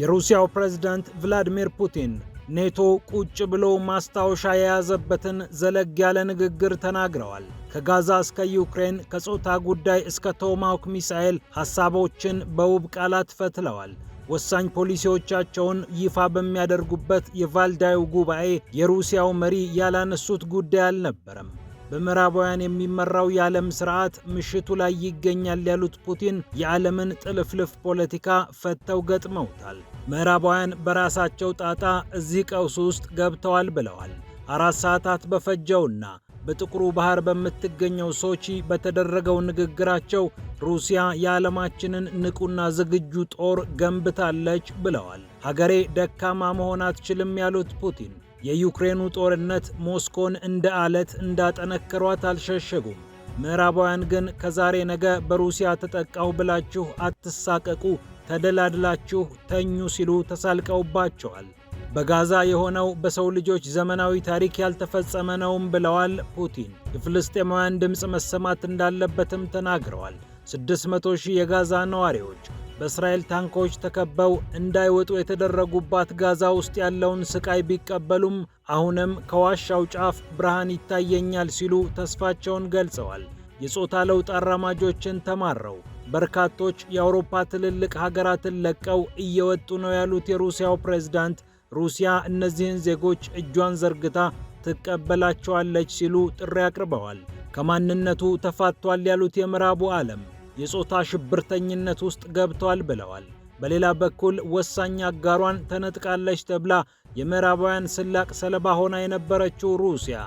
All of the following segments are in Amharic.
የሩሲያው ፕሬዝዳንት ቭላዲሚር ፑቲን ኔቶ ቁጭ ብሎ ማስታወሻ የያዘበትን ዘለግ ያለ ንግግር ተናግረዋል። ከጋዛ እስከ ዩክሬን ከጾታ ጉዳይ እስከ ቶማሃውክ ሚሳኤል ሐሳቦችን በውብ ቃላት ፈትለዋል። ወሳኝ ፖሊሲዎቻቸውን ይፋ በሚያደርጉበት የቫልዳዩ ጉባኤ የሩሲያው መሪ ያላነሱት ጉዳይ አልነበረም። በምዕራባውያን የሚመራው የዓለም ስርዓት ምሽቱ ላይ ይገኛል ያሉት ፑቲን የዓለምን ጥልፍልፍ ፖለቲካ ፈተው ገጥመውታል። ምዕራባውያን በራሳቸው ጣጣ እዚህ ቀውስ ውስጥ ገብተዋል ብለዋል። አራት ሰዓታት በፈጀውና በጥቁሩ ባህር በምትገኘው ሶቺ በተደረገው ንግግራቸው ሩሲያ የዓለማችንን ንቁና ዝግጁ ጦር ገንብታለች ብለዋል። ሀገሬ ደካማ መሆን አትችልም ያሉት ፑቲን የዩክሬኑ ጦርነት ሞስኮን እንደ አለት እንዳጠነከሯት አልሸሸጉም። ምዕራባውያን ግን ከዛሬ ነገ በሩሲያ ተጠቃሁ ብላችሁ አትሳቀቁ፣ ተደላድላችሁ ተኙ ሲሉ ተሳልቀውባቸዋል። በጋዛ የሆነው በሰው ልጆች ዘመናዊ ታሪክ ያልተፈጸመ ነውም ብለዋል ፑቲን። የፍልስጤማውያን ድምፅ መሰማት እንዳለበትም ተናግረዋል። 600 ሺህ የጋዛ ነዋሪዎች በእስራኤል ታንኮች ተከበው እንዳይወጡ የተደረጉባት ጋዛ ውስጥ ያለውን ስቃይ ቢቀበሉም አሁንም ከዋሻው ጫፍ ብርሃን ይታየኛል ሲሉ ተስፋቸውን ገልጸዋል። የጾታ ለውጥ አራማጆችን ተማረው በርካቶች የአውሮፓ ትልልቅ ሀገራትን ለቀው እየወጡ ነው ያሉት የሩሲያው ፕሬዝዳንት ሩሲያ እነዚህን ዜጎች እጇን ዘርግታ ትቀበላቸዋለች ሲሉ ጥሪ አቅርበዋል። ከማንነቱ ተፋቷል ያሉት የምዕራቡ ዓለም የጾታ ሽብርተኝነት ውስጥ ገብተዋል ብለዋል። በሌላ በኩል ወሳኝ አጋሯን ተነጥቃለች ተብላ የምዕራባውያን ስላቅ ሰለባ ሆና የነበረችው ሩሲያ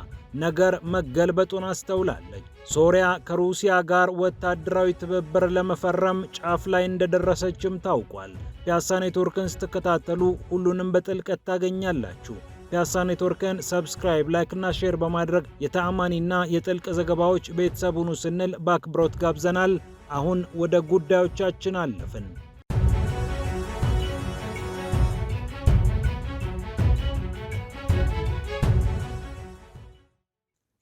ነገር መገልበጡን አስተውላለች። ሶሪያ ከሩሲያ ጋር ወታደራዊ ትብብር ለመፈረም ጫፍ ላይ እንደደረሰችም ታውቋል። ፒያሳ ኔትወርክን ስትከታተሉ ሁሉንም በጥልቀት ታገኛላችሁ። ፒያሳ ኔትወርክን ሰብስክራይብ፣ ላይክ እና ሼር በማድረግ የተአማኒና የጥልቅ ዘገባዎች ቤተሰብ ሁኑ ስንል በአክብሮት ጋብዘናል። አሁን ወደ ጉዳዮቻችን አለፍን።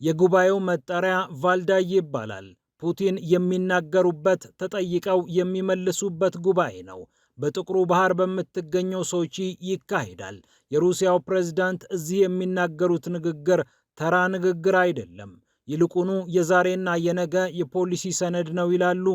የጉባኤው መጠሪያ ቫልዳይ ይባላል። ፑቲን የሚናገሩበት ተጠይቀው የሚመልሱበት ጉባኤ ነው። በጥቁሩ ባህር በምትገኘው ሶቺ ይካሄዳል። የሩሲያው ፕሬዝዳንት እዚህ የሚናገሩት ንግግር ተራ ንግግር አይደለም። ይልቁኑ የዛሬና የነገ የፖሊሲ ሰነድ ነው ይላሉ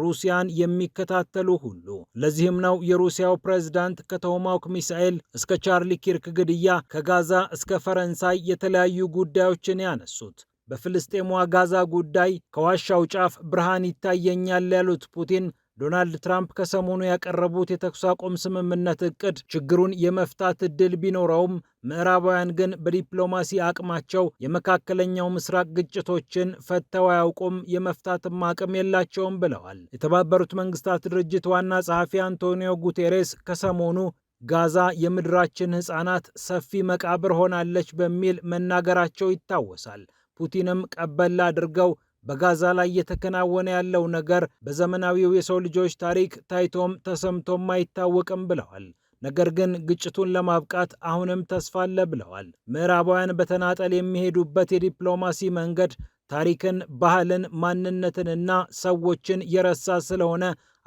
ሩሲያን የሚከታተሉ ሁሉ። ለዚህም ነው የሩሲያው ፕሬዝዳንት ከተውማክ ሚሳኤል እስከ ቻርሊ ኪርክ ግድያ፣ ከጋዛ እስከ ፈረንሳይ የተለያዩ ጉዳዮችን ያነሱት። በፍልስጤሟ ጋዛ ጉዳይ ከዋሻው ጫፍ ብርሃን ይታየኛል ያሉት ፑቲን ዶናልድ ትራምፕ ከሰሞኑ ያቀረቡት የተኩስ አቁም ስምምነት እቅድ ችግሩን የመፍታት እድል ቢኖረውም ምዕራባውያን ግን በዲፕሎማሲ አቅማቸው የመካከለኛው ምስራቅ ግጭቶችን ፈተው አያውቁም፣ የመፍታትም አቅም የላቸውም ብለዋል። የተባበሩት መንግስታት ድርጅት ዋና ጸሐፊ አንቶኒዮ ጉቴሬስ ከሰሞኑ ጋዛ የምድራችን ሕፃናት ሰፊ መቃብር ሆናለች በሚል መናገራቸው ይታወሳል። ፑቲንም ቀበል አድርገው በጋዛ ላይ እየተከናወነ ያለው ነገር በዘመናዊው የሰው ልጆች ታሪክ ታይቶም ተሰምቶም አይታወቅም ብለዋል። ነገር ግን ግጭቱን ለማብቃት አሁንም ተስፋ አለ ብለዋል። ምዕራባውያን በተናጠል የሚሄዱበት የዲፕሎማሲ መንገድ ታሪክን፣ ባህልን፣ ማንነትንና ሰዎችን የረሳ ስለሆነ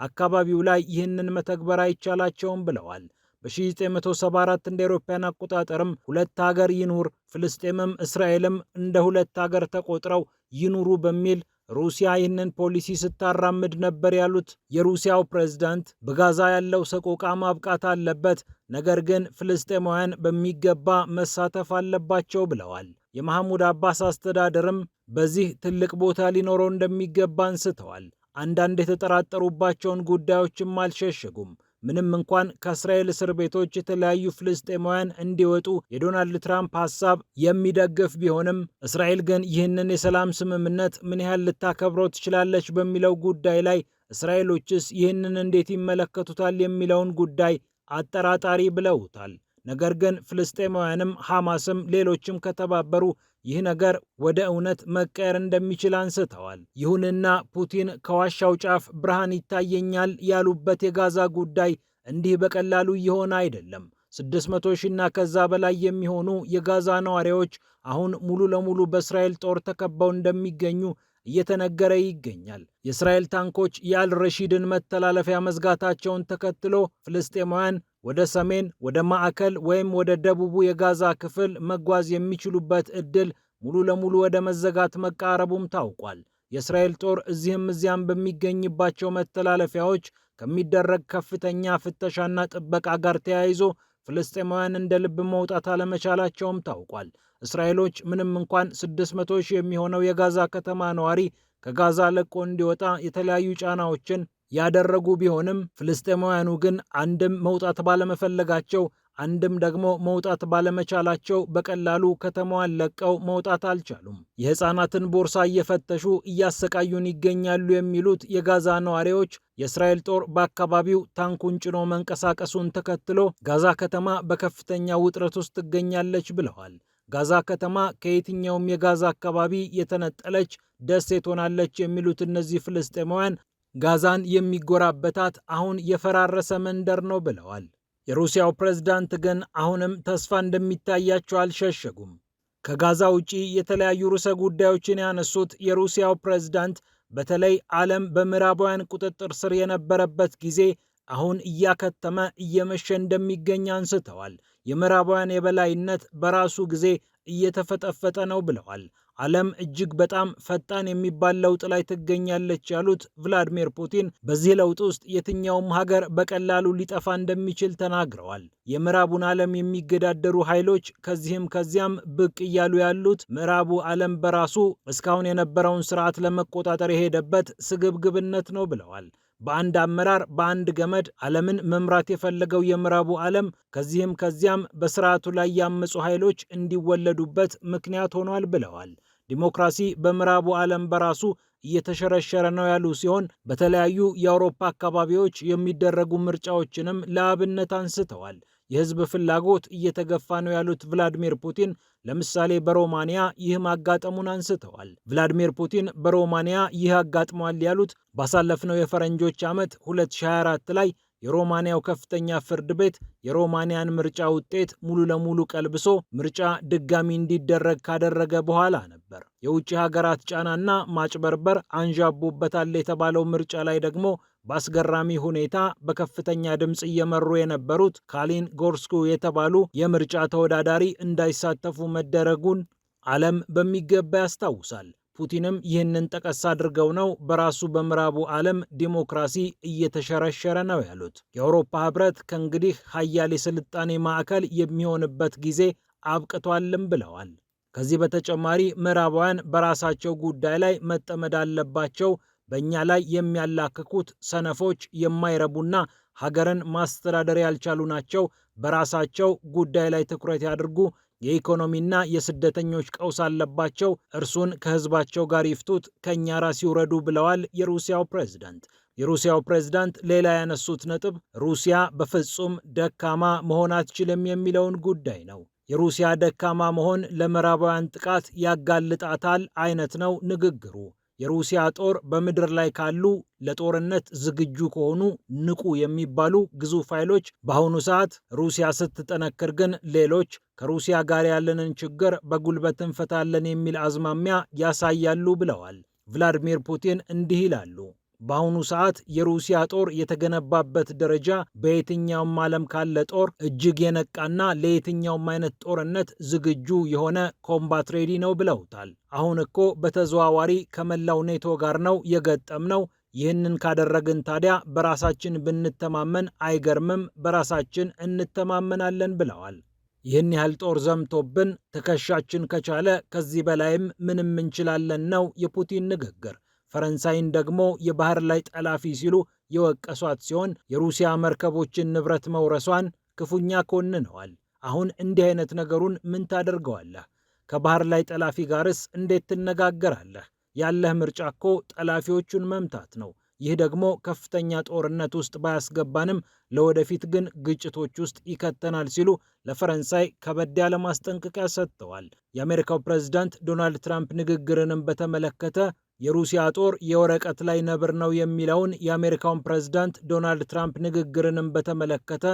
አካባቢው ላይ ይህንን መተግበር አይቻላቸውም ብለዋል። በ1974 እንደ አውሮፓውያን አቆጣጠርም ሁለት ሀገር ይኑር ፍልስጤምም እስራኤልም እንደ ሁለት ሀገር ተቆጥረው ይኑሩ በሚል ሩሲያ ይህንን ፖሊሲ ስታራምድ ነበር ያሉት የሩሲያው ፕሬዝዳንት በጋዛ ያለው ሰቆቃ ማብቃት አለበት፣ ነገር ግን ፍልስጤማውያን በሚገባ መሳተፍ አለባቸው ብለዋል። የማህሙድ አባስ አስተዳደርም በዚህ ትልቅ ቦታ ሊኖረው እንደሚገባ አንስተዋል። አንዳንድ የተጠራጠሩባቸውን ጉዳዮችም አልሸሸጉም። ምንም እንኳን ከእስራኤል እስር ቤቶች የተለያዩ ፍልስጤማውያን እንዲወጡ የዶናልድ ትራምፕ ሀሳብ የሚደግፍ ቢሆንም እስራኤል ግን ይህንን የሰላም ስምምነት ምን ያህል ልታከብረው ትችላለች በሚለው ጉዳይ ላይ እስራኤሎችስ ይህንን እንዴት ይመለከቱታል የሚለውን ጉዳይ አጠራጣሪ ብለውታል። ነገር ግን ፍልስጤማውያንም ሐማስም ሌሎችም ከተባበሩ ይህ ነገር ወደ እውነት መቀየር እንደሚችል አንስተዋል። ይሁንና ፑቲን ከዋሻው ጫፍ ብርሃን ይታየኛል ያሉበት የጋዛ ጉዳይ እንዲህ በቀላሉ እየሆነ አይደለም። 600 ሺና ከዛ በላይ የሚሆኑ የጋዛ ነዋሪዎች አሁን ሙሉ ለሙሉ በእስራኤል ጦር ተከበው እንደሚገኙ እየተነገረ ይገኛል። የእስራኤል ታንኮች የአልረሺድን መተላለፊያ መዝጋታቸውን ተከትሎ ፍልስጤማውያን ወደ ሰሜን፣ ወደ ማዕከል ወይም ወደ ደቡቡ የጋዛ ክፍል መጓዝ የሚችሉበት ዕድል ሙሉ ለሙሉ ወደ መዘጋት መቃረቡም ታውቋል። የእስራኤል ጦር እዚህም እዚያም በሚገኝባቸው መተላለፊያዎች ከሚደረግ ከፍተኛ ፍተሻና ጥበቃ ጋር ተያይዞ ፍልስጤማውያን እንደ ልብ መውጣት አለመቻላቸውም ታውቋል። እስራኤሎች ምንም እንኳን 600 ሺህ የሚሆነው የጋዛ ከተማ ነዋሪ ከጋዛ ለቆ እንዲወጣ የተለያዩ ጫናዎችን ያደረጉ ቢሆንም ፍልስጤማውያኑ ግን አንድም መውጣት ባለመፈለጋቸው አንድም ደግሞ መውጣት ባለመቻላቸው በቀላሉ ከተማዋን ለቀው መውጣት አልቻሉም። የሕፃናትን ቦርሳ እየፈተሹ እያሰቃዩን ይገኛሉ የሚሉት የጋዛ ነዋሪዎች የእስራኤል ጦር በአካባቢው ታንኩን ጭኖ መንቀሳቀሱን ተከትሎ ጋዛ ከተማ በከፍተኛ ውጥረት ውስጥ ትገኛለች ብለዋል። ጋዛ ከተማ ከየትኛውም የጋዛ አካባቢ የተነጠለች ደሴት ሆናለች የሚሉት እነዚህ ፍልስጤማውያን ጋዛን የሚጎራበታት አሁን የፈራረሰ መንደር ነው ብለዋል። የሩሲያው ፕሬዝዳንት ግን አሁንም ተስፋ እንደሚታያቸው አልሸሸጉም። ከጋዛ ውጪ የተለያዩ ርዕሰ ጉዳዮችን ያነሱት የሩሲያው ፕሬዝዳንት በተለይ ዓለም በምዕራባውያን ቁጥጥር ስር የነበረበት ጊዜ አሁን እያከተመ እየመሸ እንደሚገኝ አንስተዋል። የምዕራባውያን የበላይነት በራሱ ጊዜ እየተፈጠፈጠ ነው ብለዋል። ዓለም እጅግ በጣም ፈጣን የሚባል ለውጥ ላይ ትገኛለች ያሉት ቭላድሚር ፑቲን በዚህ ለውጥ ውስጥ የትኛውም ሀገር በቀላሉ ሊጠፋ እንደሚችል ተናግረዋል። የምዕራቡን ዓለም የሚገዳደሩ ኃይሎች ከዚህም ከዚያም ብቅ እያሉ ያሉት ምዕራቡ ዓለም በራሱ እስካሁን የነበረውን ስርዓት ለመቆጣጠር የሄደበት ስግብግብነት ነው ብለዋል። በአንድ አመራር በአንድ ገመድ ዓለምን መምራት የፈለገው የምዕራቡ ዓለም ከዚህም ከዚያም በስርዓቱ ላይ ያመፁ ኃይሎች እንዲወለዱበት ምክንያት ሆኗል ብለዋል። ዲሞክራሲ በምዕራቡ ዓለም በራሱ እየተሸረሸረ ነው ያሉ ሲሆን በተለያዩ የአውሮፓ አካባቢዎች የሚደረጉ ምርጫዎችንም ለአብነት አንስተዋል። የህዝብ ፍላጎት እየተገፋ ነው ያሉት ቭላዲሚር ፑቲን ለምሳሌ በሮማንያ ይህ ማጋጠሙን አንስተዋል። ቭላዲሚር ፑቲን በሮማንያ ይህ አጋጥሟል ያሉት ባሳለፍነው የፈረንጆች ዓመት 2024 ላይ የሮማንያው ከፍተኛ ፍርድ ቤት የሮማንያን ምርጫ ውጤት ሙሉ ለሙሉ ቀልብሶ ምርጫ ድጋሚ እንዲደረግ ካደረገ በኋላ ነበር። የውጭ ሀገራት ጫናና ማጭበርበር አንዣቦበታል የተባለው ምርጫ ላይ ደግሞ በአስገራሚ ሁኔታ በከፍተኛ ድምፅ እየመሩ የነበሩት ካሊን ጎርስኩ የተባሉ የምርጫ ተወዳዳሪ እንዳይሳተፉ መደረጉን ዓለም በሚገባ ያስታውሳል። ፑቲንም ይህንን ጠቀስ አድርገው ነው በራሱ በምዕራቡ ዓለም ዲሞክራሲ እየተሸረሸረ ነው ያሉት። የአውሮፓ ህብረት ከእንግዲህ ሀያል የስልጣኔ ማዕከል የሚሆንበት ጊዜ አብቅቷልም ብለዋል። ከዚህ በተጨማሪ ምዕራባውያን በራሳቸው ጉዳይ ላይ መጠመድ አለባቸው፣ በእኛ ላይ የሚያላክኩት ሰነፎች የማይረቡና ሀገርን ማስተዳደር ያልቻሉ ናቸው፣ በራሳቸው ጉዳይ ላይ ትኩረት ያድርጉ፣ የኢኮኖሚና የስደተኞች ቀውስ አለባቸው፣ እርሱን ከህዝባቸው ጋር ይፍቱት፣ ከእኛ ራስ ይውረዱ ብለዋል የሩሲያው ፕሬዝዳንት። የሩሲያው ፕሬዝዳንት ሌላ ያነሱት ነጥብ ሩሲያ በፍጹም ደካማ መሆን አትችልም የሚለውን ጉዳይ ነው። የሩሲያ ደካማ መሆን ለምዕራባውያን ጥቃት ያጋልጣታል አይነት ነው ንግግሩ። የሩሲያ ጦር በምድር ላይ ካሉ ለጦርነት ዝግጁ ከሆኑ ንቁ የሚባሉ ግዙፍ ኃይሎች በአሁኑ ሰዓት ሩሲያ ስትጠነክር ግን ሌሎች ከሩሲያ ጋር ያለንን ችግር በጉልበት እንፈታለን የሚል አዝማሚያ ያሳያሉ ብለዋል። ቭላዲሚር ፑቲን እንዲህ ይላሉ። በአሁኑ ሰዓት የሩሲያ ጦር የተገነባበት ደረጃ በየትኛውም ዓለም ካለ ጦር እጅግ የነቃና ለየትኛውም አይነት ጦርነት ዝግጁ የሆነ ኮምባት ሬዲ ነው ብለውታል። አሁን እኮ በተዘዋዋሪ ከመላው ኔቶ ጋር ነው የገጠም ነው። ይህንን ካደረግን ታዲያ በራሳችን ብንተማመን አይገርምም፣ በራሳችን እንተማመናለን ብለዋል። ይህን ያህል ጦር ዘምቶብን ትከሻችን ከቻለ ከዚህ በላይም ምንም እንችላለን ነው የፑቲን ንግግር። ፈረንሳይን ደግሞ የባህር ላይ ጠላፊ ሲሉ የወቀሷት ሲሆን የሩሲያ መርከቦችን ንብረት መውረሷን ክፉኛ ኮንነዋል። አሁን እንዲህ አይነት ነገሩን ምን ታደርገዋለህ? ከባህር ላይ ጠላፊ ጋርስ እንዴት ትነጋገራለህ? ያለህ ምርጫ እኮ ጠላፊዎቹን መምታት ነው። ይህ ደግሞ ከፍተኛ ጦርነት ውስጥ ባያስገባንም ለወደፊት ግን ግጭቶች ውስጥ ይከተናል ሲሉ ለፈረንሳይ ከበድ ያለ ማስጠንቀቂያ ሰጥተዋል። የአሜሪካው ፕሬዝዳንት ዶናልድ ትራምፕ ንግግርንም በተመለከተ የሩሲያ ጦር የወረቀት ላይ ነብር ነው የሚለውን የአሜሪካውን ፕሬዝዳንት ዶናልድ ትራምፕ ንግግርንም በተመለከተ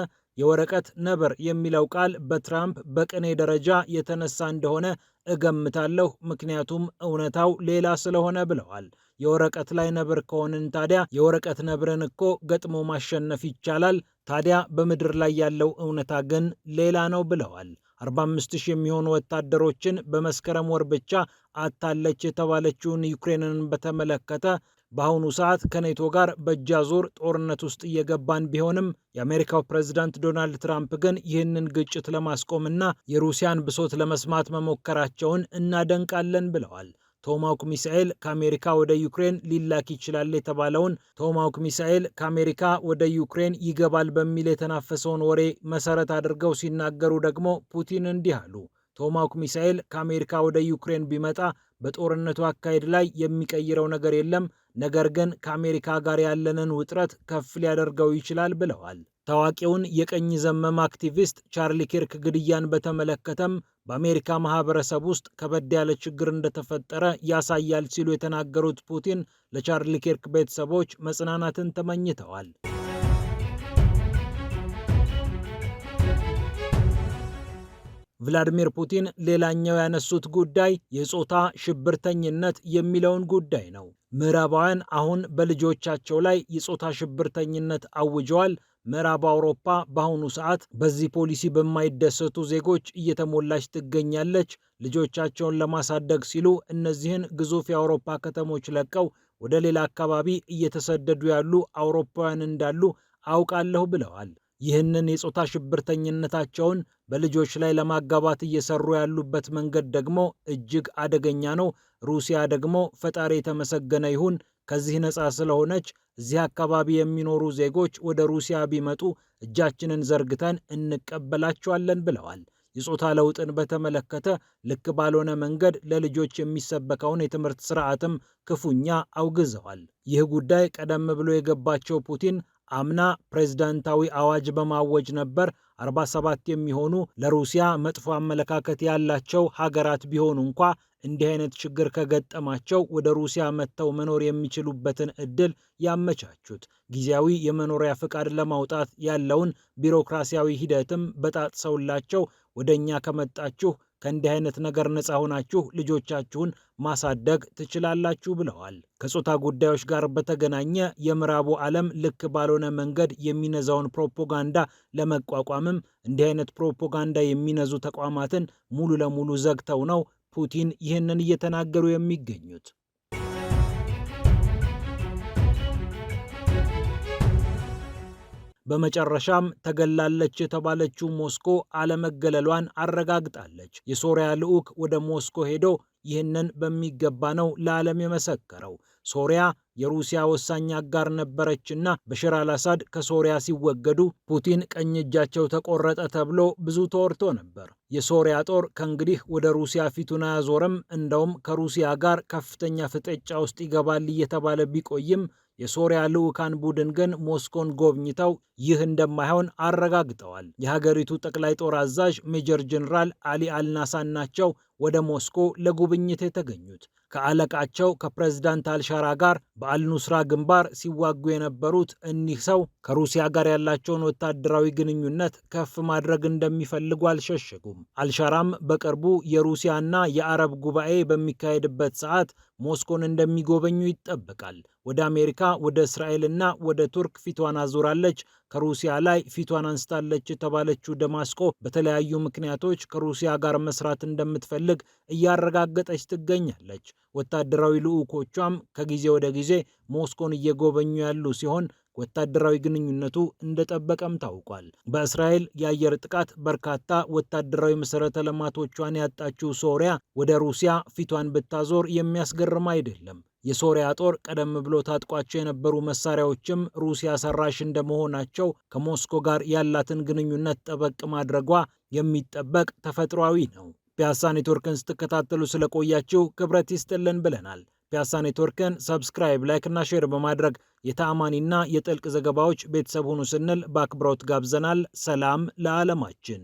የወረቀት ነብር የሚለው ቃል በትራምፕ በቅኔ ደረጃ የተነሳ እንደሆነ እገምታለሁ፣ ምክንያቱም እውነታው ሌላ ስለሆነ ብለዋል። የወረቀት ላይ ነብር ከሆንን ታዲያ የወረቀት ነብርን እኮ ገጥሞ ማሸነፍ ይቻላል፣ ታዲያ በምድር ላይ ያለው እውነታ ግን ሌላ ነው ብለዋል። 45 ሺህ የሚሆኑ ወታደሮችን በመስከረም ወር ብቻ አታለች የተባለችውን ዩክሬንን በተመለከተ በአሁኑ ሰዓት ከኔቶ ጋር በእጃ አዙር ጦርነት ውስጥ እየገባን ቢሆንም የአሜሪካው ፕሬዝዳንት ዶናልድ ትራምፕ ግን ይህንን ግጭት ለማስቆምና የሩሲያን ብሶት ለመስማት መሞከራቸውን እናደንቃለን ብለዋል። ቶማሃውክ ሚሳኤል ከአሜሪካ ወደ ዩክሬን ሊላክ ይችላል የተባለውን ቶማሃውክ ሚሳኤል ከአሜሪካ ወደ ዩክሬን ይገባል በሚል የተናፈሰውን ወሬ መሰረት አድርገው ሲናገሩ ደግሞ ፑቲን እንዲህ አሉ። ቶማሃውክ ሚሳኤል ከአሜሪካ ወደ ዩክሬን ቢመጣ በጦርነቱ አካሄድ ላይ የሚቀይረው ነገር የለም፣ ነገር ግን ከአሜሪካ ጋር ያለንን ውጥረት ከፍ ሊያደርገው ይችላል ብለዋል። ታዋቂውን የቀኝ ዘመም አክቲቪስት ቻርሊ ኪርክ ግድያን በተመለከተም በአሜሪካ ማህበረሰብ ውስጥ ከበድ ያለ ችግር እንደተፈጠረ ያሳያል ሲሉ የተናገሩት ፑቲን ለቻርሊ ኪርክ ቤተሰቦች መጽናናትን ተመኝተዋል። ቭላዲሚር ፑቲን ሌላኛው ያነሱት ጉዳይ የጾታ ሽብርተኝነት የሚለውን ጉዳይ ነው። ምዕራባውያን አሁን በልጆቻቸው ላይ የጾታ ሽብርተኝነት አውጀዋል። ምዕራብ አውሮፓ በአሁኑ ሰዓት በዚህ ፖሊሲ በማይደሰቱ ዜጎች እየተሞላች ትገኛለች። ልጆቻቸውን ለማሳደግ ሲሉ እነዚህን ግዙፍ የአውሮፓ ከተሞች ለቀው ወደ ሌላ አካባቢ እየተሰደዱ ያሉ አውሮፓውያን እንዳሉ አውቃለሁ ብለዋል። ይህንን የጾታ ሽብርተኝነታቸውን በልጆች ላይ ለማጋባት እየሰሩ ያሉበት መንገድ ደግሞ እጅግ አደገኛ ነው። ሩሲያ ደግሞ ፈጣሪ የተመሰገነ ይሁን ከዚህ ነፃ ስለሆነች እዚህ አካባቢ የሚኖሩ ዜጎች ወደ ሩሲያ ቢመጡ እጃችንን ዘርግተን እንቀበላቸዋለን ብለዋል። የጾታ ለውጥን በተመለከተ ልክ ባልሆነ መንገድ ለልጆች የሚሰበከውን የትምህርት ስርዓትም ክፉኛ አውግዘዋል። ይህ ጉዳይ ቀደም ብሎ የገባቸው ፑቲን አምና ፕሬዝዳንታዊ አዋጅ በማወጅ ነበር 47 የሚሆኑ ለሩሲያ መጥፎ አመለካከት ያላቸው ሀገራት ቢሆኑ እንኳ እንዲህ አይነት ችግር ከገጠማቸው ወደ ሩሲያ መጥተው መኖር የሚችሉበትን እድል ያመቻቹት። ጊዜያዊ የመኖሪያ ፍቃድ ለማውጣት ያለውን ቢሮክራሲያዊ ሂደትም በጣጥሰውላቸው ወደ እኛ ከመጣችሁ ከእንዲህ አይነት ነገር ነፃ ሆናችሁ ልጆቻችሁን ማሳደግ ትችላላችሁ ብለዋል። ከጾታ ጉዳዮች ጋር በተገናኘ የምዕራቡ ዓለም ልክ ባልሆነ መንገድ የሚነዛውን ፕሮፓጋንዳ ለመቋቋምም እንዲህ አይነት ፕሮፓጋንዳ የሚነዙ ተቋማትን ሙሉ ለሙሉ ዘግተው ነው ፑቲን ይህንን እየተናገሩ የሚገኙት። በመጨረሻም ተገላለች የተባለችው ሞስኮ አለመገለሏን አረጋግጣለች። የሶሪያ ልዑክ ወደ ሞስኮ ሄዶ ይህንን በሚገባ ነው ለዓለም የመሰከረው። ሶሪያ የሩሲያ ወሳኝ አጋር ነበረችና በሽር አልአሳድ ከሶሪያ ሲወገዱ ፑቲን ቀኝ እጃቸው ተቆረጠ ተብሎ ብዙ ተወርቶ ነበር። የሶሪያ ጦር ከእንግዲህ ወደ ሩሲያ ፊቱን አያዞርም፣ እንደውም ከሩሲያ ጋር ከፍተኛ ፍጥጫ ውስጥ ይገባል እየተባለ ቢቆይም የሶሪያ ልዑካን ቡድን ግን ሞስኮን ጎብኝተው ይህ እንደማይሆን አረጋግጠዋል። የሀገሪቱ ጠቅላይ ጦር አዛዥ ሜጀር ጀኔራል አሊ አልናሳን ናቸው ወደ ሞስኮ ለጉብኝት የተገኙት ከአለቃቸው ከፕሬዝዳንት አልሻራ ጋር በአልኑስራ ግንባር ሲዋጉ የነበሩት እኒህ ሰው ከሩሲያ ጋር ያላቸውን ወታደራዊ ግንኙነት ከፍ ማድረግ እንደሚፈልጉ አልሸሸጉም። አልሻራም በቅርቡ የሩሲያና የአረብ ጉባኤ በሚካሄድበት ሰዓት ሞስኮን እንደሚጎበኙ ይጠበቃል። ወደ አሜሪካ፣ ወደ እስራኤልና ወደ ቱርክ ፊቷን አዙራለች። ከሩሲያ ላይ ፊቷን አንስታለች የተባለችው ደማስቆ በተለያዩ ምክንያቶች ከሩሲያ ጋር መስራት እንደምትፈልግ እያረጋገጠች ትገኛለች። ወታደራዊ ልዑኮቿም ከጊዜ ወደ ጊዜ ሞስኮን እየጎበኙ ያሉ ሲሆን ወታደራዊ ግንኙነቱ እንደጠበቀም ታውቋል። በእስራኤል የአየር ጥቃት በርካታ ወታደራዊ መሠረተ ልማቶቿን ያጣችው ሶሪያ ወደ ሩሲያ ፊቷን ብታዞር የሚያስገርም አይደለም። የሶሪያ ጦር ቀደም ብሎ ታጥቋቸው የነበሩ መሳሪያዎችም ሩሲያ ሰራሽ እንደመሆናቸው ከሞስኮ ጋር ያላትን ግንኙነት ጠበቅ ማድረጓ የሚጠበቅ ተፈጥሯዊ ነው። ፒያሳ ኔትወርክን ስትከታተሉ ስለቆያችሁ ክብረት ይስጥልን ብለናል። ፒያሳ ኔትወርክን ሰብስክራይብ፣ ላይክና ሼር በማድረግ የተአማኒና የጥልቅ ዘገባዎች ቤተሰብ ሁኑ ስንል በአክብሮት ጋብዘናል። ሰላም ለዓለማችን።